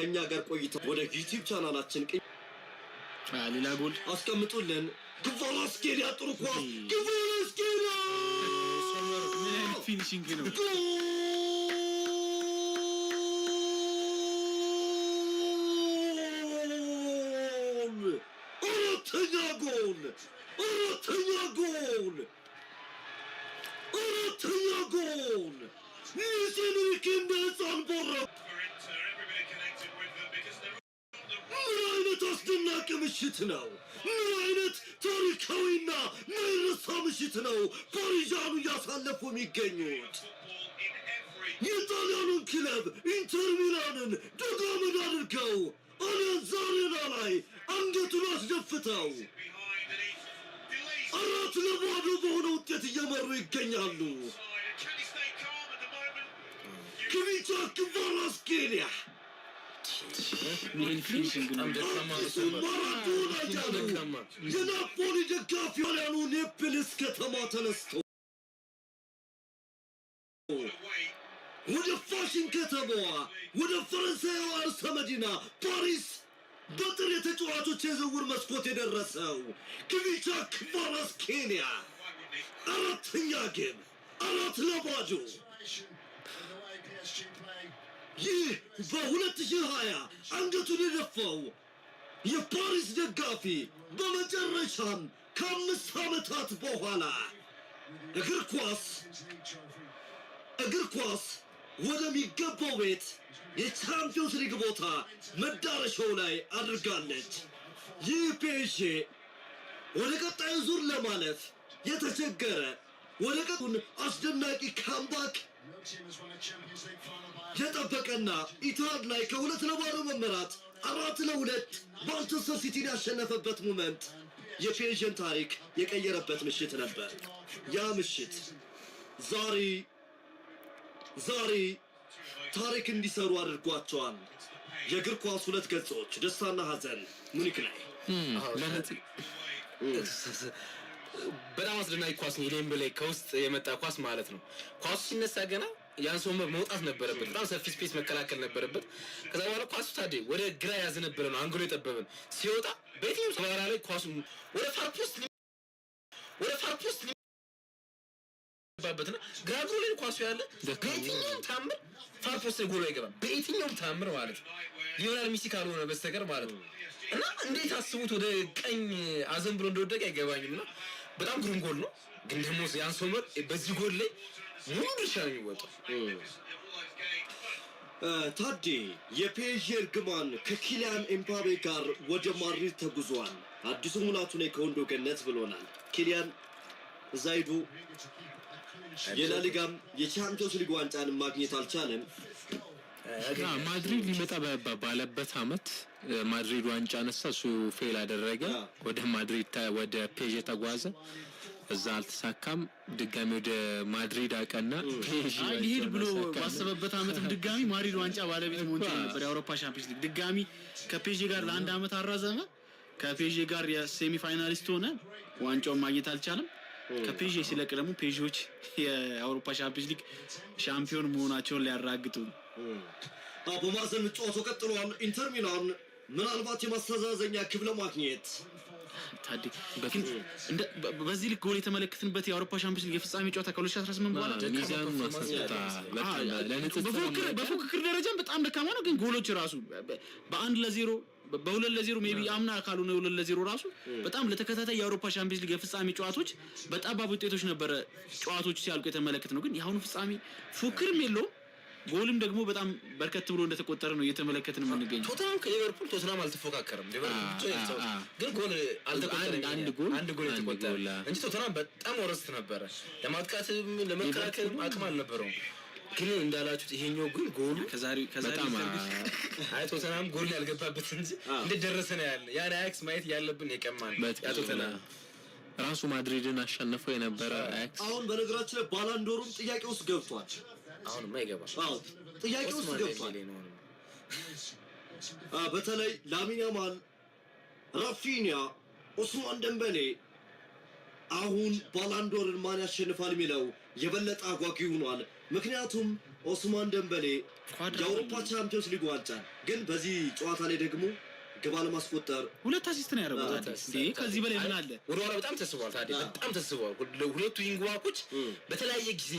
ከኛ ጋር ቆይተው ወደ ዩቲዩብ ቻናላችን ቀይ ሌላ ጎል አስቀምጡልን። ግቫራስኬሊያ ጥሩ ኳስ ግቫራስኬሊያ ፊኒሽንግ ነው። ነው! ምን አይነት ታሪካዊና ማይረሳ ምሽት ነው ፓሪዣኑ እያሳለፉ የሚገኙት! የጣሊያኑን ክለብ ኢንተር ሚላንን ደጋመድ አድርገው አሊያንዝ አሬና ላይ አንገቱን አስደፍተው አራት ለባዶ በሆነ ውጤት እየመሩ ይገኛሉ። ክቪቻ ክቫራስኬሊያ የናፖሊ ደጋፊ ጣሊያኑ ኔፕልስ ከተማ ተነስተው ወደ ፋሽን ከተማዋ ወደ ፈረንሳዩ አርሰ መዲና ፓሪስ በጥር የተጫዋቾች የዝውውር መስኮት የደረሰው ክቪቻ ክቫራስ ኬንያ አራተኛ ግብ አራት ለባዶ ይህ በ2020 አንገቱን የደፋው የፓሪስ ደጋፊ በመጨረሻም ከአምስት ዓመታት በኋላ እግር ኳስ እግር ኳስ ወደሚገባው ቤት የቻምፒዮንስ ሊግ ቦታ መዳረሻው ላይ አድርጋለች። ይህ ፔሼ ወደ ቀጣዩ ዙር ለማለፍ የተቸገረ ወደ ቀጡን አስደናቂ ካምባክ የጠበቀና ኢትሃድ ላይ ከሁለት ለባዶ መመራት አራት ለሁለት ማንቸስተር ሲቲን ያሸነፈበት ሞመንት የፔዥን ታሪክ የቀየረበት ምሽት ነበር። ያ ምሽት ዛሬ ዛሬ ታሪክ እንዲሰሩ አድርጓቸዋል። የእግር ኳስ ሁለት ገጾች ደስታና ሐዘን ሙኒክ ላይ በጣም አስደናቂ ኳስ ነው። ዴምቤ ላይ ከውስጥ የመጣ ኳስ ማለት ነው። ኳሱ ሲነሳ ገና ያን ሰው መውጣት ነበረበት። በጣም ሰፊ ስፔስ መከላከል ነበረበት። ከዛ በኋላ ኳሱ ታዴ ወደ ግራ ነበረ ነው። አንግሎ የጠበበን ሲወጣ በየትኛው ተባራ ላይ ኳሱ ወደ ፋርፖስት ወደ ፋርፖስት ሊባበትና ግራ እግሩ ላይ ኳሱ ያለ በየትኛውም ታምር ፋርፖስት ጎሎ አይገባም። በየትኛውም ታምር ማለት ነው ሊዮናል ሚሲ ካልሆነ በስተቀር ማለት ነው። እና እንዴት አስቡት ወደ ቀኝ አዘንብሎ እንደወደቀ አይገባኝም ነው በጣም ግሩም ጎል ነው። ግን ደግሞ ያን ሶመር በዚህ ጎል ላይ ሙሉ ድርሻ ነው የሚወጣው። ታዴ የፒኤስጂ እርግማን ከኪሊያን ኤምባቤ ጋር ወደ ማድሪድ ተጉዟል። አዲሱ ሙላቱ ነ ከወንዶ ገነት ብሎናል። ኪሊያን እዛ ሂዱ የላሊጋም የቻምፒዮንስ ሊግ ዋንጫንም ማግኘት አልቻለም። ማድሪድ ሊመጣ ባለበት አመት ማድሪድ ዋንጫ አነሳ። እሱ ፌል አደረገ። ወደ ማድሪድ ወደ ፔዥ ተጓዘ። እዛ አልተሳካም። ድጋሚ ወደ ማድሪድ አቀና። ሊሄድ ብሎ ባሰበበት አመትም ድጋሚ ማድሪድ ዋንጫ ባለቤት መሆን ነበር። የአውሮፓ ሻምፒዮንስ ሊግ ድጋሚ ከፔዥ ጋር ለአንድ አመት አራዘመ። ከፔዥ ጋር የሴሚ ፋይናሊስት ሆነ። ዋንጫውን ማግኘት አልቻለም። ከፔዥ ሲለቅ ደግሞ ፔዥዎች የአውሮፓ ሻምፒዮንስ ሊግ ሻምፒዮን መሆናቸውን ሊያራግጡ አቡ ማዘን ጨዋታው ቀጥሏል። ኢንተር ሚላን ምናልባት የማስተዛዘኛ ክብ ለማግኘት በዚህ ልክ ጎል የተመለከትንበት የአውሮፓ ሻምፒዮንስ ሊግ የፍጻሜ ጨዋታ ከ2018 በኋላ በፉክክር ደረጃም በጣም ደካማ ነው፣ ግን ጎሎች ራሱ በአንድ ለዜሮ በሁለት ለዜሮ ሜቢ አምና አካሉ ነው ሁለት ለዜሮ ራሱ በጣም ለተከታታይ የአውሮፓ ሻምፒዮንስ ሊግ የፍጻሜ ጨዋታዎች በጠባብ ውጤቶች ነበረ ጨዋታዎች ሲያልቁ የተመለከት ነው። ግን የአሁኑ ፍጻሜ ፉክርም የለውም ጎልም ደግሞ በጣም በርከት ብሎ እንደተቆጠረ ነው እየተመለከትን የምንገኘው። ቶተናም ከሊቨርፑል ቶተናም አልተፎካከርም። ግን ጎል አልተቆጠረም፣ አንድ ጎል የተቆጠረ እንጂ ቶተናም በጣም ወረስት ነበረ። ለማጥቃት ለመከላከል አቅም አልነበረውም። ግን እንዳላችሁት ይሄኛው ግን ጎሉ አይ ቶተናም ጎል ያልገባበት እንጂ እንደደረሰ ነው ያለ ያን አያክስ ማየት ያለብን የቀማ ያ ቶተናም ራሱ ማድሪድን አሸንፈው የነበረ አያክስ አሁን በነገራችን ላይ ባላንዶሩም ጥያቄ ውስጥ ገብቷል። አሁንማ ይገባል። ጥያቄ ውስጥ ገብቷል። በተለይ ላሚን ያማል፣ ራፊኒያ፣ ኡስማን ደንበሌ አሁን ባላንዶርን ማን ያሸንፋል የሚለው የበለጠ አጓጊ ሆኗል። ምክንያቱም ኦስማን ደንበሌ የአውሮፓ ቻምፒዮንስ ሊግ ዋንጫን ግን በዚህ ጨዋታ ላይ ደግሞ ግባ ለማስቆጠር ሁለት አሲስት ነው ያደረገው። ከዚህ በላይ ምን አለ? ወደኋላ በጣም ተስቧል። በጣም ተስቧል። ሁለቱ ይንግባኮች በተለያየ ጊዜ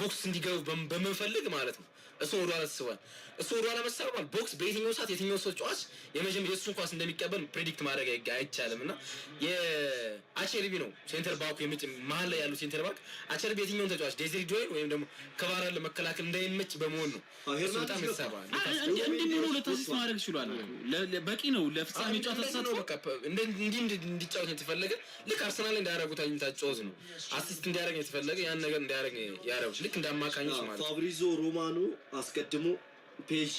ቦክስ እንዲገቡ በመፈልግ ማለት ነው። እሱ ወደኋላ ትስቧል። እሱ ወደኋላ መሳርቧል። ቦክስ በየትኛው ሰዓት የትኛው ሰው ጨዋች የመጀመሪያ የእሱን ኳስ እንደሚቀበል ፕሬዲክት ማድረግ አይቻልም እና የአቼርቢ ነው ሴንተር ባኩ የምጭ መሀል ላይ ያሉ ሴንተር ባክ አቼርቢ የትኛውን ተጫዋች ዴዚሪ ዶይ ወይም ደግሞ ከባራ ለመከላከል እንዳይመች በመሆን ነው እሱ በጣም ይሳባል። እንዲኖሩ ለታሲስ ማድረግ ይችላል። በቂ ነው ለፍጻሜ ጨዋታ ተሳትፎ እንዲህ እንዲጫወት የተፈለገ ልክ አርሰናል ላይ እንዳያረጉት ታጮዝ ነው አሲስት እንዲያደረግ የተፈለገ ያን ነገር እንዲያደረግ ያደረጉት ልክ እንደ ማለት ፋብሪዞ ሮማኖ አስቀድሞ ፔዤ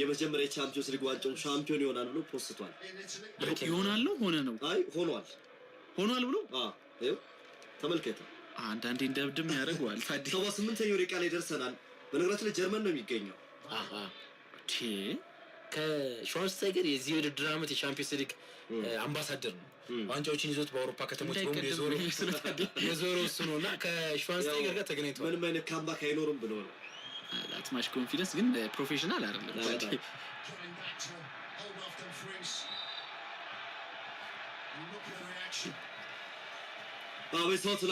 የመጀመሪያ ቻምፒዮንስ ሊግ ዋንጫውን ሻምፒዮን ይሆናል ብሎ ፖስቷል። ይሆናል ነው ሆነ ነው? አይ ሆኗል፣ ሆኗል ብሎ ተመልከተ። አንዳንዴ እንደብድም ያደርገዋል። ሰባ ስምንተኛው ደቂቃ ላይ ደርሰናል። በነገራችን ላይ ጀርመን ነው የሚገኘው። ከሽዋርስተገር የዚህ ውድድር ዓመት የሻምፒዮንስ ሊግ አምባሳደር ነው። ዋንጫዎችን ይዞት በአውሮፓ ከተሞች በሙሉ የዞሮ እሱ ነው እና ከሽዋርስተገር ጋር ተገናኝተዋል። ምንም አይነት ካምባክ አይኖርም ብሎ ነው ለአትማሽ ኮንፊደንስ ግን ፕሮፌሽናል አይደለም። በሰዓት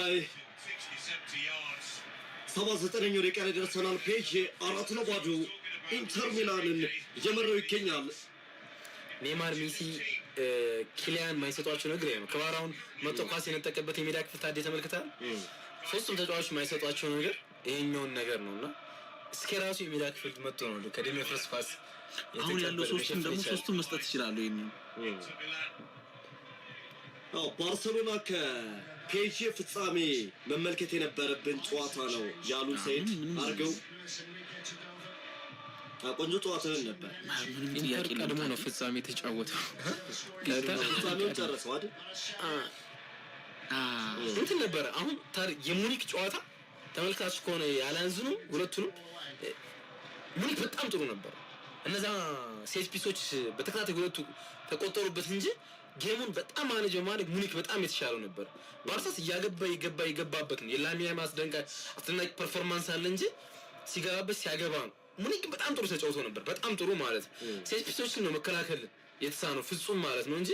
ላይ ሰባ ዘጠነኛው ደቂቃ ላይ ደርሰናል። ፔጅ አራት ለባዶ ኢንተር ሚላንን እየመራው ይገኛል። ኔማር ሚሲ ኪሊያን የማይሰጧቸው ነገር ነው። ክባራውን መቶ ኳስ የነጠቀበት የሜዳ ክፍል ታዴ ተመልክታል። ሶስቱም ተጫዋቾች የማይሰጧቸው ነገር ይሄኛውን ነገር ነውና እስከ ራሱ የሜዳ ክፍል መጥቶ ነው ከደም ከደሜ ፍርስፋስ አሁን ያለው ሶስቱም ደግሞ ሶስቱም መስጠት ይችላሉ። ይሄን አዎ ባርሰሎና ከፔጂ ፍጻሜ መመልከት የነበረብን ጨዋታ ነው ያሉ ሰይድ አርገው ቆንጆ ጨዋታን ነበር። ኢንተር ቀድሞ ነው ፍጻሜ የተጫወተው። ፍጻሜውን ጨረሰው አይደል? እንትን ነበር አሁን የሙኒክ ጨዋታ ተመልካች ከሆነ ያላንዝኑ ሁለቱንም ሙኒክ በጣም ጥሩ ነበር። እነዛ ሴት ፒሶች በተከታታይ ሁለቱ ተቆጠሩበት እንጂ ጌሙን በጣም ማኔጅ በማድረግ ሙኒክ በጣም የተሻለው ነበር። ባርሳስ እያገባ ይገባ ይገባበት ነው። የላሚያ ማስደንቃ አስደናቂ ፐርፎርማንስ አለ እንጂ ሲገባበት ሲያገባ ነው። ሙኒክ በጣም ጥሩ ተጫውቶ ነበር። በጣም ጥሩ ማለት ሴት ፒሶችን ነው መከላከል የተሳነው ፍጹም ማለት ነው እንጂ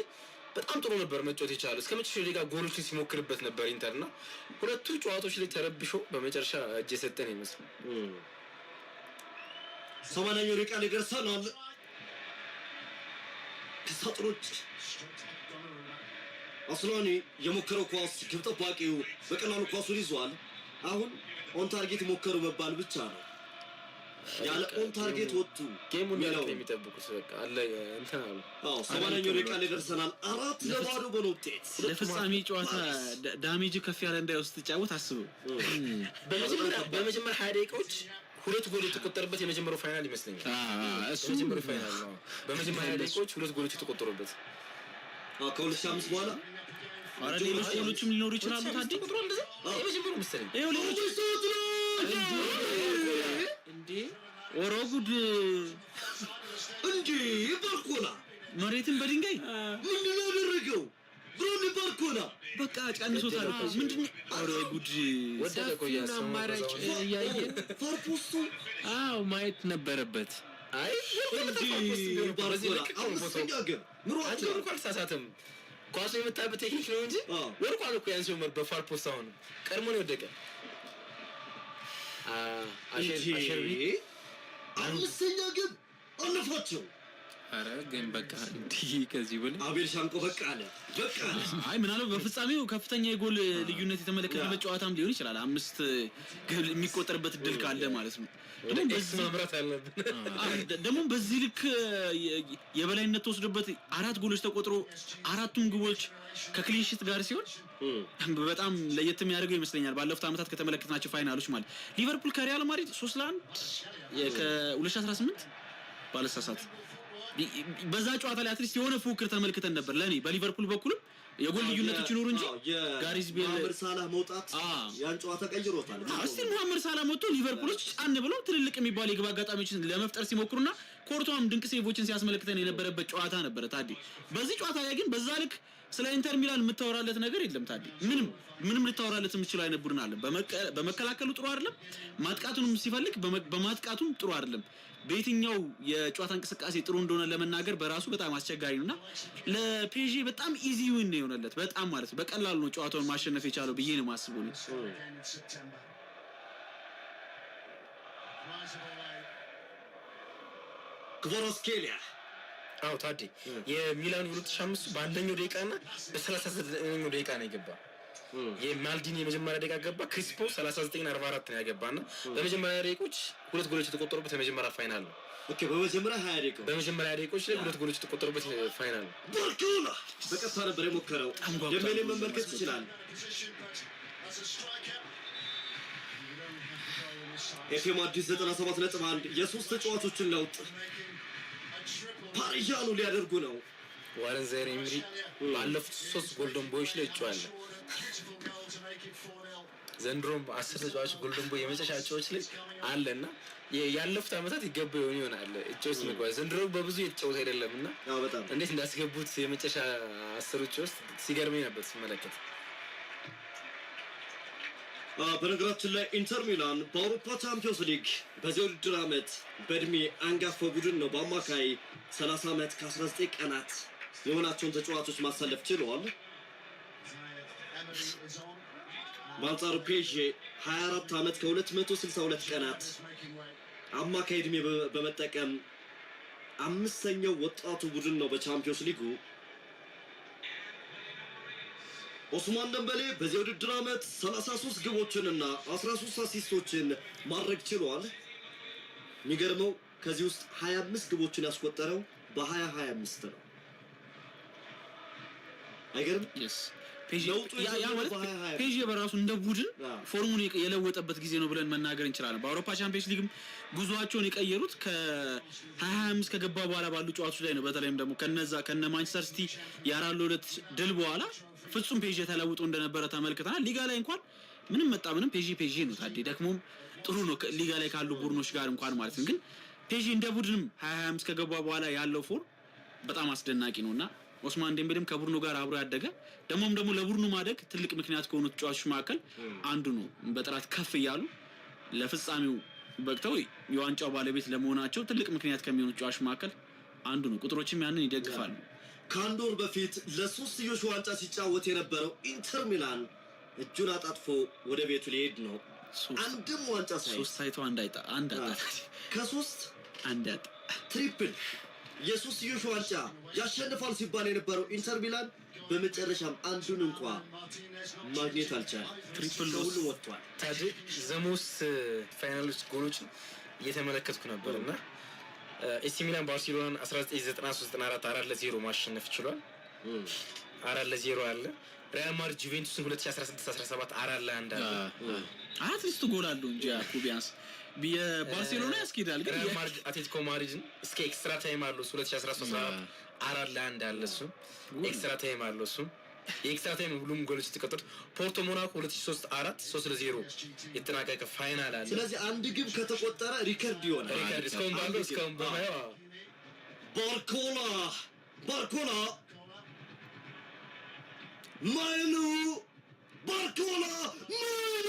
በጣም ጥሩ ነበር መጫወት የቻለ እስከ መጨረሻ ደቂቃ ጎሎች ሲሞክርበት ነበር ኢንተር እና ሁለቱ ጨዋታዎች ላይ ተረብሾ በመጨረሻ እጅ የሰጠን ይመስል ሰማንያኛው ደቂቃ ላይ ደርሰናል። ከሳጥኖች አስሎኒ የሞከረው ኳስ ግብ ጠባቂው በቀላሉ ኳሱን ይዟል። አሁን ኦን ታርጌት ሞከሩ መባል ብቻ ነው። ያለ ኦን ታርጌት ወጡ። ጌሙን ያለው የሚጠብቁት በቃ አለ እንትን አሉ። አዎ ሰማንያኛው ደቂቃ ላይ ደርሰናል። አራት ለባዶ በሆነ ውጤት ለፍጻሜ ጨዋታ ዳሜጅ ከፍ ያለ እንዳይወስድ ጫወት አስቡ። በመጀመሪያ በመጀመሪያ ሀያ ደቂቃዎች ሁለት ጎል የተቆጠረበት የመጀመሪያው ፋይናል ይመስለኛል። እሱ የመጀመሪያው ፋይናል ነው። በመጀመሪያ ደቂቃዎች ሁለት ጎሎች የተቆጠሩበት ከሁለት ሺህ አምስት በኋላ ኧረ ሌሎችም ሊኖሩ ይችላሉ። ታዲያ ቁጥሩ እንደዚህ የመጀመሪያው መሰለኝ እንዴ ወሮ ጉድ እንዴ ባርኮላ መሬትን በድንጋይ ምንድን ነው ያደረገው? ብሮኒ ባርኮላ በቃ ጫንሶታል እኮ ምንድን ነው? ጉድ ወደ አማራጭ እያየ ፎርፖስቱ አዎ ማየት ነበረበት። አይ አልሳሳትም። ኳሱ የመጣበት ቴክኒክ ነው እንጂ ወርቋል እኮ ያን ሲሆን በፋር ፖስት አሁን ቀድሞ ነው የወደቀ አምስተኛ ግብ አለፋቸው። አረ ግን በቃ እንዲህ ከዚህ በላይ አቤል ሻንቆ በቃ አለ በቃ አለ። አይ ምናልባት በፍጻሜው ከፍተኛ የጎል ልዩነት የተመለከተበት ጨዋታም ሊሆን ይችላል። አምስት ግብ የሚቆጠርበት ድል ካለ ማለት ነው። ደግሞ በዚህ ልክ የበላይነት ተወስዶበት አራት ጎሎች ተቆጥሮ አራቱም ግቦች ከክሊንሺት ጋር ሲሆን በጣም ለየት የሚያደርገው ይመስለኛል ባለፉት ዓመታት ከተመለከትናቸው ፋይናሎች ማለት ሊቨርፑል ከሪያል ማድሪድ ሶስት ለአንድ ከ2018 ባለሳሳት በዛ ጨዋታ ላይ አትሊስት የሆነ ፉክክር ተመልክተን ነበር። ለእኔ በሊቨርፑል በኩልም የጎል ልዩነቶች ይኖሩ እንጂ ጋሪዝ ቤል መሐመድ ሳላህ መውጣት ያን ጨዋታ ቀይሮታል። እስቲ መሐመድ ሳላህ መጥቶ ሊቨርፑሎች ጫን ብለው ትልልቅ የሚባል የግብ አጋጣሚዎችን ለመፍጠር ሲሞክሩና ኮርቷም ድንቅ ሴቮችን ሲያስመለክተን የነበረበት ጨዋታ ነበረ። ታዲያ በዚህ ጨዋታ ላይ ግን በዛ ልክ ስለ ኢንተር ሚላን የምታወራለት ነገር የለም። ታዲያ ምንም ምንም ልታወራለት የምችሉ አይነት ቡድን አለ። በመከላከሉ ጥሩ አይደለም፣ ማጥቃቱንም ሲፈልግ በማጥቃቱም ጥሩ አይደለም። በየትኛው የጨዋታ እንቅስቃሴ ጥሩ እንደሆነ ለመናገር በራሱ በጣም አስቸጋሪ ነው እና ለፔዤ በጣም ኢዚ ዊን ነው የሆነለት። በጣም ማለት ነው በቀላሉ ነው ጨዋታውን ማሸነፍ የቻለው ብዬ ነው የማስበው። ክቮሮስኬሊያ አዎ ታዴ የሚላን ሁለት ሺህ አምስቱ በአንደኛው ደቂቃ እና በሰላሳ ዘጠነኛው ደቂቃ ነው የገባ። የማልዲኒ የመጀመሪያ ደቂቃ ገባ። ክሪስፖ ሰላሳ ዘጠኝና አርባ አራት ነው ያገባ እና በመጀመሪያ ደቂቆች ሁለት ጎሎች የተቆጠሩበት የመጀመሪያ ፋይናል ነው። በመጀመሪያ ደቂቆች ላይ ሁለት ጎሎች የተቆጠሩበት ፋይናል ነው። ባርቶላ በቀጥታ ነበር የሞከረው። ደሜሌ መመልከት ይችላል። ኤፍኤም አዲስ 97 ነጥብ አንድ የሶስት ተጫዋቾችን ለውጥ ፓሪዣኑ ሊያደርጉ ነው። ዋረን ዛይር ኤምሪ ባለፉት ሶስት ጎልደን ቦዮች ላይ እጩ ዘንድሮም አስር ተጫዋች ጎልደን ቦይ የመጨረሻ እጩዎች ላይ አለ እና ያለፉት አመታት ይገባ የሆኑ ይሆናል እጩዎች መግባት ዘንድሮ በብዙ የተጫወት አይደለም እና እንዴት እንዳስገቡት የመጨረሻ አስር እጩ ውስጥ ሲገርመኝ ነበር ስመለከት። በነገራችን ላይ ኢንተር ሚላን በአውሮፓ ቻምፒዮንስ ሊግ በዚህ ውድድር ዓመት በእድሜ አንጋፋ ቡድን ነው። በአማካይ 30 ዓመት ከ19 ቀናት የሆናቸውን ተጫዋቾች ማሳለፍ ችለዋል። በአንጻሩ ፔዤ 24 ዓመት ከ262 ቀናት አማካይ እድሜ በመጠቀም አምስተኛው ወጣቱ ቡድን ነው በቻምፒዮንስ ሊጉ ኦስማን ደንበሌ በዚህ ውድድር ዓመት 33 ግቦችንና 13 አሲስቶችን ማድረግ ችሏል። የሚገርመው ከዚህ ውስጥ 25 ግቦችን ያስቆጠረው በ2025 ነው። አይገርም? ፔዥ በራሱ እንደ ቡድን ፎርሙን የለወጠበት ጊዜ ነው ብለን መናገር እንችላለን። በአውሮፓ ቻምፒየንስ ሊግም ጉዞቸውን የቀየሩት ከ25 ከገባ በኋላ ባሉ ጨዋቶች ላይ ነው። በተለይም ደግሞ ከነዛ ከነ ማንቸስተር ሲቲ የአራት ለሁለት ድል በኋላ ፍጹም ፔዥ ተለውጦ እንደነበረ ተመልክተናል። ሊጋ ላይ እንኳን ምንም መጣ ምንም ፔዥ ፔዥ ነው። ታዴ ደክሞም ጥሩ ነው ሊጋ ላይ ካሉ ቡድኖች ጋር እንኳን ማለት ነው። ግን ፔዥ እንደ ቡድንም ሀያ ሀያ አምስት ከገባ በኋላ ያለው ፎር በጣም አስደናቂ ነው እና ኦስማን ዴምቤሌም ከቡድኑ ጋር አብሮ ያደገ ደግሞም ደግሞ ለቡድኑ ማደግ ትልቅ ምክንያት ከሆኑ ተጫዋቾች መካከል አንዱ ነው። በጥራት ከፍ እያሉ ለፍጻሜው በቅተው የዋንጫው ባለቤት ለመሆናቸው ትልቅ ምክንያት ከሚሆኑ ተጫዋቾች መካከል አንዱ ነው። ቁጥሮችም ያንን ይደግፋሉ። ከአንድ ወር በፊት ለሶስትዮሽ ዋንጫ ሲጫወት የነበረው ኢንተር ሚላን እጁን አጣጥፎ ወደ ቤቱ ሊሄድ ነው። አንድም ዋንጫ ሳይሶስት ከሶስት አንድ አጣ ትሪፕል የሶስትዮሽ ዋንጫ ያሸንፋል ሲባል የነበረው ኢንተር ሚላን በመጨረሻም አንዱን እንኳ ማግኘት አልቻለ። ትሪፕል ሁሉ ወጥቷል። ታዲያ ዘሞስ ፋይናሎች ጎሎችን እየተመለከትኩ ነበር እና ኤሲ ሚላን ባርሴሎናን 1993 አራት ለዜሮ ማሸነፍ ችሏል። አራት ለዜሮ አለ። ሪያል ማድሪድ ጁቬንቱስን 2016/17 አራት ለአንድ አለ። አትሊስት ጎል አለው እንጂ ቢያንስ የባርሴሎና ያስኬዳል። ግን ሪያል ማድሪድ አትሌቲኮ ማድሪድን እስከ ኤክስትራ ታይም አለው። አራት ለአንድ አለ። እሱም ኤክስትራ ታይም አለው እሱም የኤክስትራ ታይም ሁሉም ጎሎች የተቆጠሩት ፖርቶ ሞናኮ 2003 4 3 ለ0 የተጠናቀቀ ፋይናል አለ። ስለዚህ አንድ ግብ ከተቆጠረ ሪከርድ ይሆናል። ሪከርድ እስካሁን ባለው እስካሁን ባለው ባርኮላ ባርኮላ ማይሉ ባርኮላ ማይሉ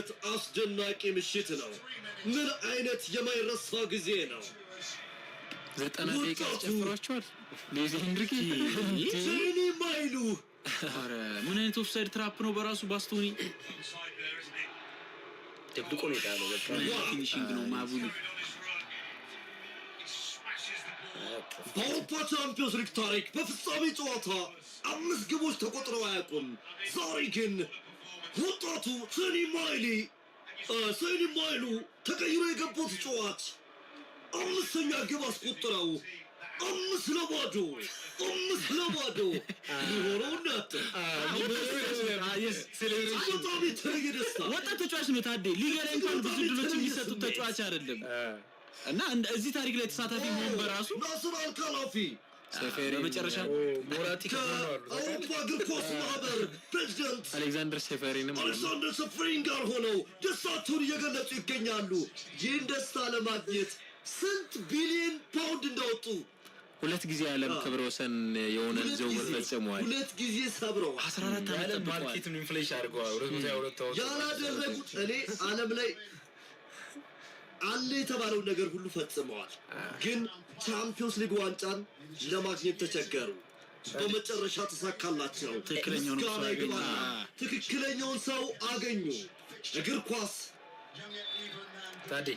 አይነት አስደናቂ ምሽት ነው! ምን አይነት የማይረሳ ጊዜ ነው! ዘጠና ደቂቃ ጨፍሯቸዋል። ሌዚ ሄንድሪክ ትሬኒ ማይሉ ምን አይነት ኦፍሳይድ ትራፕ ነው በራሱ ባስቶኒ ደብቆ ነው የዳነው። ፊኒሽንግ ነው ማቡሉ በአውሮፓ ቻምፒዮንስ ሊግ ታሪክ በፍጻሜ ጨዋታ አምስት ግቦች ተቆጥረው አያውቁም። ዛሬ ግን ወጣቱ ሰኒ ማይሊ ሰኒ ማይሉ ተቀይሮ የገቡት ተጫዋች አምስተኛ ግብ አስቆጥረው አምስት ለባዶ አምስት ለባዶ ሊሆነው እናት የተለየ ደስታ ወጣት ተጫዋች ነው። ታዴ ሊጋ ላይ እንኳን ብዙ ድሎች የሚሰጡት ተጫዋች አይደለም እና እዚህ ታሪክ ላይ ተሳታፊ መሆን በራሱ ናስር አልካላፊ በመጨረሻ ሞራቲ ከአውሮፓ እግር ኳስ ማህበር ፕሬዚደንት አሌክዛንደር ሰፈሪንም አሌክዛንደር ሴፈሪን ጋር ሆነው ደስታቸውን እየገለጹ ይገኛሉ። ይህን ደስታ ለማግኘት ስንት ቢሊዮን ፓውንድ እንዳወጡ ሁለት ጊዜ የዓለም ክብረ ወሰን የሆነ ዘው ፈጽመዋል። ሁለት ጊዜ ሰብረው አስራ አራት ዓመት ማርኬቱን ኢንፍሌሽን አድርገዋል። ያላደረጉት እኔ ዓለም ላይ አለ የተባለው ነገር ሁሉ ፈጽመዋል። ግን ቻምፒዮንስ ሊግ ዋንጫን ለማግኘት ተቸገሩ። በመጨረሻ ተሳካላቸው። ትክክለኛውን ሰው አገኙ። እግር ኳስ ታዴ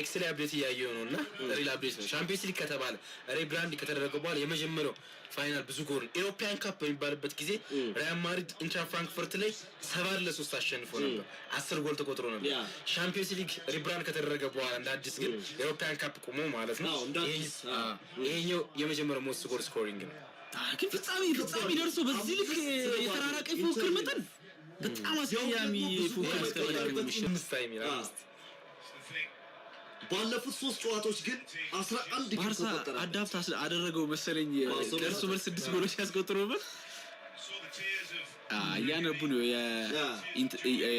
ኤክስ ላይ አፕዴት እያየሁ ነው እና ሪል አብዴት ነው። ሻምፒዮንስ ሊግ ከተባለ ሪብራንድ ከተደረገ በኋላ የመጀመሪያው ፋይናል ብዙ ጎል ኢሮፒያን ካፕ በሚባልበት ጊዜ ሪያል ማድሪድ ኢንትራ ፍራንክፈርት ላይ ሰባት ለሶስት አሸንፎ ነበር። አስር ጎል ተቆጥሮ ነበር። ሻምፒዮንስ ሊግ ሪብራንድ ከተደረገ በኋላ እንደ አዲስ ግን ኢሮፒያን ካፕ ቁሞ ማለት ነው። ይሄኛው የመጀመሪያው ሞስት ጎል ስኮሪንግ ነው። ግን ፍጻሜ ፍጻሜ ደርሶ በዚህ ልክ የተራራቀ ፉክክር መጠን በጣም አስቀያሚ ፉክክር ባለፉት ሶስት ጨዋታዎች ግን አስራ አንድ ባርሳ አዳፕት አደረገው መሰለኝ። ደርሶ መልስ ስድስት ጎሎች ያስቆጥሮበት እያነቡ ነው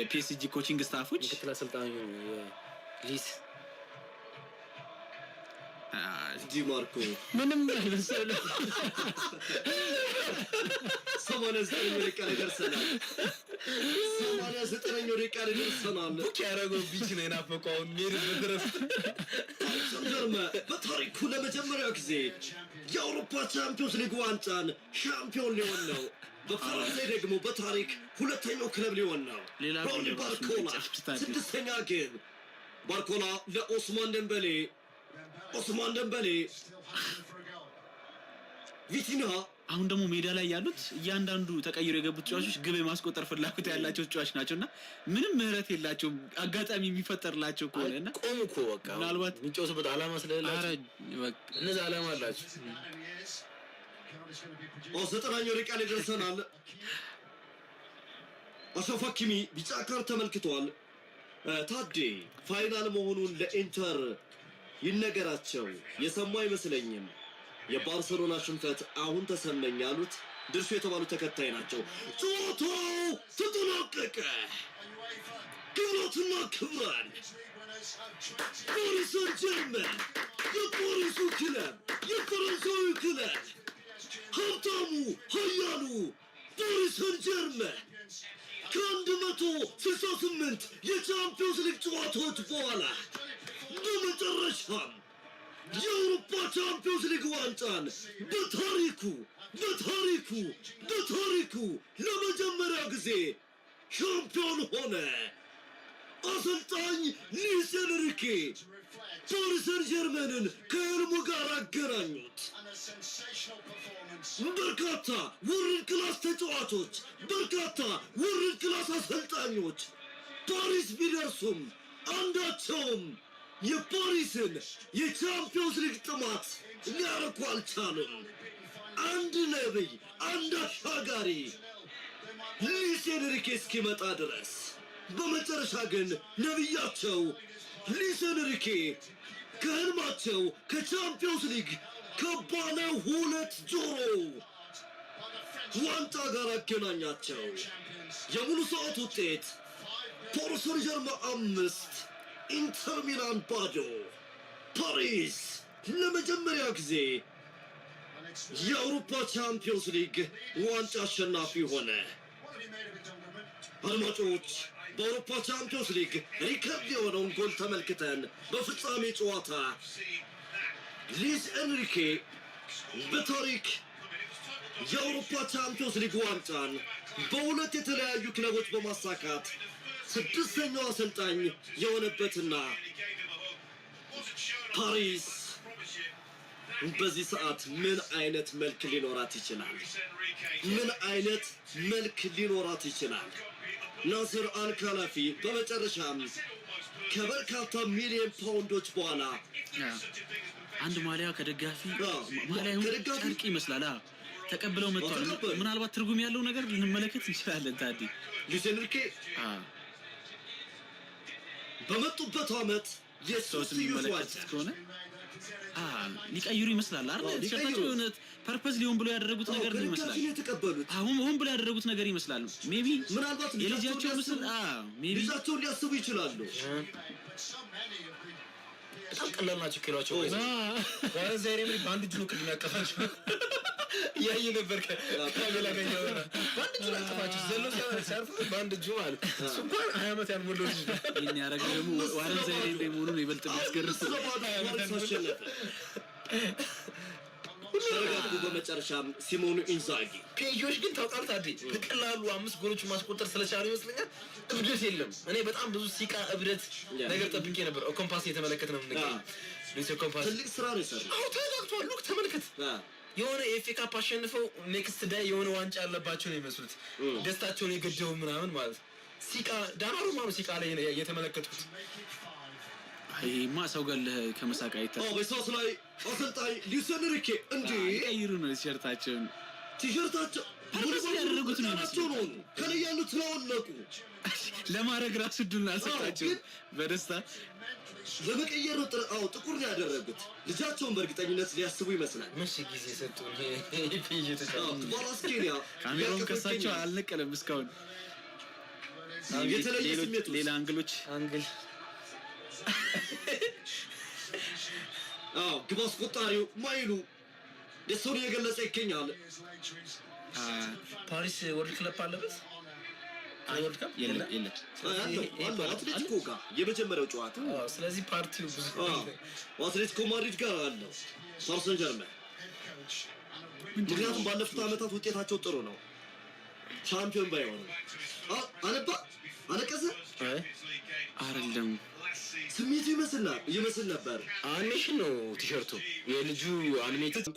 የፒኤስጂ ኮቺንግ ስታፎች ምክትል አሰልጣኙ ሊስ ዲማርኮ ምንም አይመስል ሰማንያ ዘጠኝ ደቂቃ ላይ ደርሰናል። ሰማንያ ዘጠኝ ደቂቃ ላይ ደርሰናል። ቡክ ያደረገው ቢች ነው የናፈቀው ሚር ድረስ ጀርመ በታሪኩ ለመጀመሪያ ጊዜ የአውሮፓ ቻምፒዮንስ ሊግ ዋንጫን ሻምፒዮን ሊሆን ነው። በፈረንሳይ ደግሞ በታሪክ ሁለተኛው ክለብ ሊሆን ነው። ባርኮላ ስድስተኛ ግብ ባርኮላ ለኦስማን ደንበሌ ኦስማን ደንበሌ፣ ቪቲና አሁን ደግሞ ሜዳ ላይ ያሉት እያንዳንዱ ተቀይሮ የገቡት ተጫዋቾች ግብ የማስቆጠር ፍላጎት ያላቸው ተጫዋች ናቸው እና ምንም ምህረት የላቸውም። አጋጣሚ የሚፈጠርላቸው ከሆነ እና ቆሙ እኮ በቃ ምናልባት የሚጫወቱበት አላማ ስለሌላቸው እነዚህ ዓላማ አላቸው። ዘጠናኛው ደቂቃ ላይ ደርሰናል። አሽራፍ ሀኪሚ ቢጫ ካርድ ተመልክተዋል። ታዴ ፋይናል መሆኑን ለኢንተር ይነገራቸው የሰሙ አይመስለኝም። የባርሰሎና ሽንፈት አሁን ተሰመኝ ያሉት ድርሱ የተባሉ ተከታይ ናቸው። ጨዋታው ተጠናቀቀ። ክብራትና ክብራን ፓሪስ ጀርመን የፓሪሱ ክለብ የፈረንሳዊ ክለብ ሀብታሙ ሀያሉ ፓሪስ ጀርመን ከአንድ መቶ ስልሳ ስምንት የቻምፒዮንስ ሊግ ጨዋታዎች በኋላ በመጨረሻም የአውሮፓ ቻምፒዮንስ ሊግ ዋንጫን በታሪኩ በታሪኩ በታሪኩ ለመጀመሪያ ጊዜ ሻምፒዮን ሆነ። አሰልጣኝ ሉዊስ ኤንሪኬ ፓሪስ ጀርመንን ከህልሙ ጋር አገናኙት። በርካታ ወርልድ ክላስ ተጫዋቾች፣ በርካታ ወርልድ ክላስ አሰልጣኞች ፓሪስ ቢደርሱም አንዳቸውም የፓሪስን የቻምፒዮንስ ሊግ ጥማት ሊያርኩ አልቻሉም። አንድ ነብይ፣ አንድ አሻጋሪ ሉዊስ ኤንሪኬ እስኪመጣ ድረስ። በመጨረሻ ግን ነቢያቸው ሉዊስ ኤንሪኬ ከህልማቸው ከቻምፒዮንስ ሊግ ከባለ ሁለት ጆሮ ዋንጫ ጋር አገናኛቸው። የሙሉ ሰዓት ውጤት ፓሪስ አምስት Inter Milan Bajo, Paris, le Mediterranee, Europa Champions League, once again we won. Armatoch, Europa Champions League, Ricardo on goal to make it in, but it's Luis Enrique, Betarik, Europa Champions League once again, both of them are looking at what ስድስተኛው አሰልጣኝ የሆነበትና ፓሪስ በዚህ ሰዓት ምን አይነት መልክ ሊኖራት ይችላል? ምን አይነት መልክ ሊኖራት ይችላል? ናስር አልካላፊ በመጨረሻም ከበርካታ ሚሊዮን ፓውንዶች በኋላ አንድ ማሊያ ከደጋፊ ማሊያ ጨርቅ ይመስላል ተቀብለው መጥተዋል። ምናልባት ትርጉም ያለው ነገር ልንመለከት እንችላለን። ታዲ ሉሴንርኬ በመጡበት ዓመት የሶስት ከሆነ ሊቀይሩ ይመስላል አይደል? ሸርታቸው የሆነ ፐርፐዝ ሊሆን ብሎ ያደረጉት ነገር ነው ይመስላል። አሁን ሆን ብሎ ያደረጉት ነገር ይመስላል። ሜቢ ምናልባት የልጃቸው ምስል ሜቢ ልጃቸውን ሊያስቡ ይችላሉ። በጣም ቀላል ናቸው ኪሏቸው። በአንድ እጁ ነው ቅድሚያ ያቀፋቸው ያየ ነበር ካሜላ በአንድ እጁ ዘሎ ሲያርፍ በአንድ እጁ ማለት እሱ እንኳን ሀያ ዓመት ያልሞላው ልጅ ይህን ደግሞ ዋረን እንደ ይበልጥ በመጨረሻም ሲሞኑ ኢንዛጊ ፔጆች ግን በቀላሉ አምስት ጎሎች ማስቆጠር ስለቻለ ይመስለኛል እብደት የለም። እኔ በጣም ብዙ ሲቃ እብደት ነገር ጠብቄ ነበር። ኮምፓስ የተመለከት ነው ምንገ ትልቅ ስራ ነው አሁ ተረጋግቷል። ሉክ ተመልከት የሆነ ኤፍ ኤ ካፕ አሸንፈው ኔክስት ዳይ የሆነ ዋንጫ ያለባቸው ነው ይመስሉት ደስታቸውን የገደቡ ምናምን ማለት ሲቃ ዳናሩማ ማሩ ሲቃ ላይ የተመለከትኩት። ይሄማ ሰው ገለህ ከመሳቅ አይታል። በሶስት ላይ አሰልጣኝ ሊሰንርኬ እንዴ ቀይሩ ነው ቲሸርታቸውን ቲሸርታቸው ጉድጓድ ያደረጉት ነው ናቸው ነው ከላይ ያሉት ስለወለቁ ለማድረግ ራሱ ድል አልሰጣቸው በደስታ ለመቀየር ነው። አዎ ጥቁር ነው ያደረጉት። ልጃቸውን በእርግጠኝነት ሊያስቡ ይመስላል። እሺ ጊዜ ሰጡ። ካሜራውን ከሳቸው አልነቀለም እስካሁን። ሌላ አንግሎች አንግል ግብ አስቆጣሪው ማይሉ የሰውን እየገለጸ ይገኛል። ፓሪስ ወርልድ ክለብ አለበት። አትሌቲኮ ጋር የመጀመሪያው ጨዋታ ስለዚህ ፓርቲው አትሌቲኮ ማድሪድ ጋር አለው ፓሪስ ሴን ጀርመን። ምክንያቱም ባለፉት ዓመታት ውጤታቸው ጥሩ ነው። ሻምፒዮን ባይሆኑ አነባ አለቀሰ አይደለም ስሜቱ ይመስል ነበር። አኒሜሽን ነው ቲሸርቱ የልጁ አኒሜት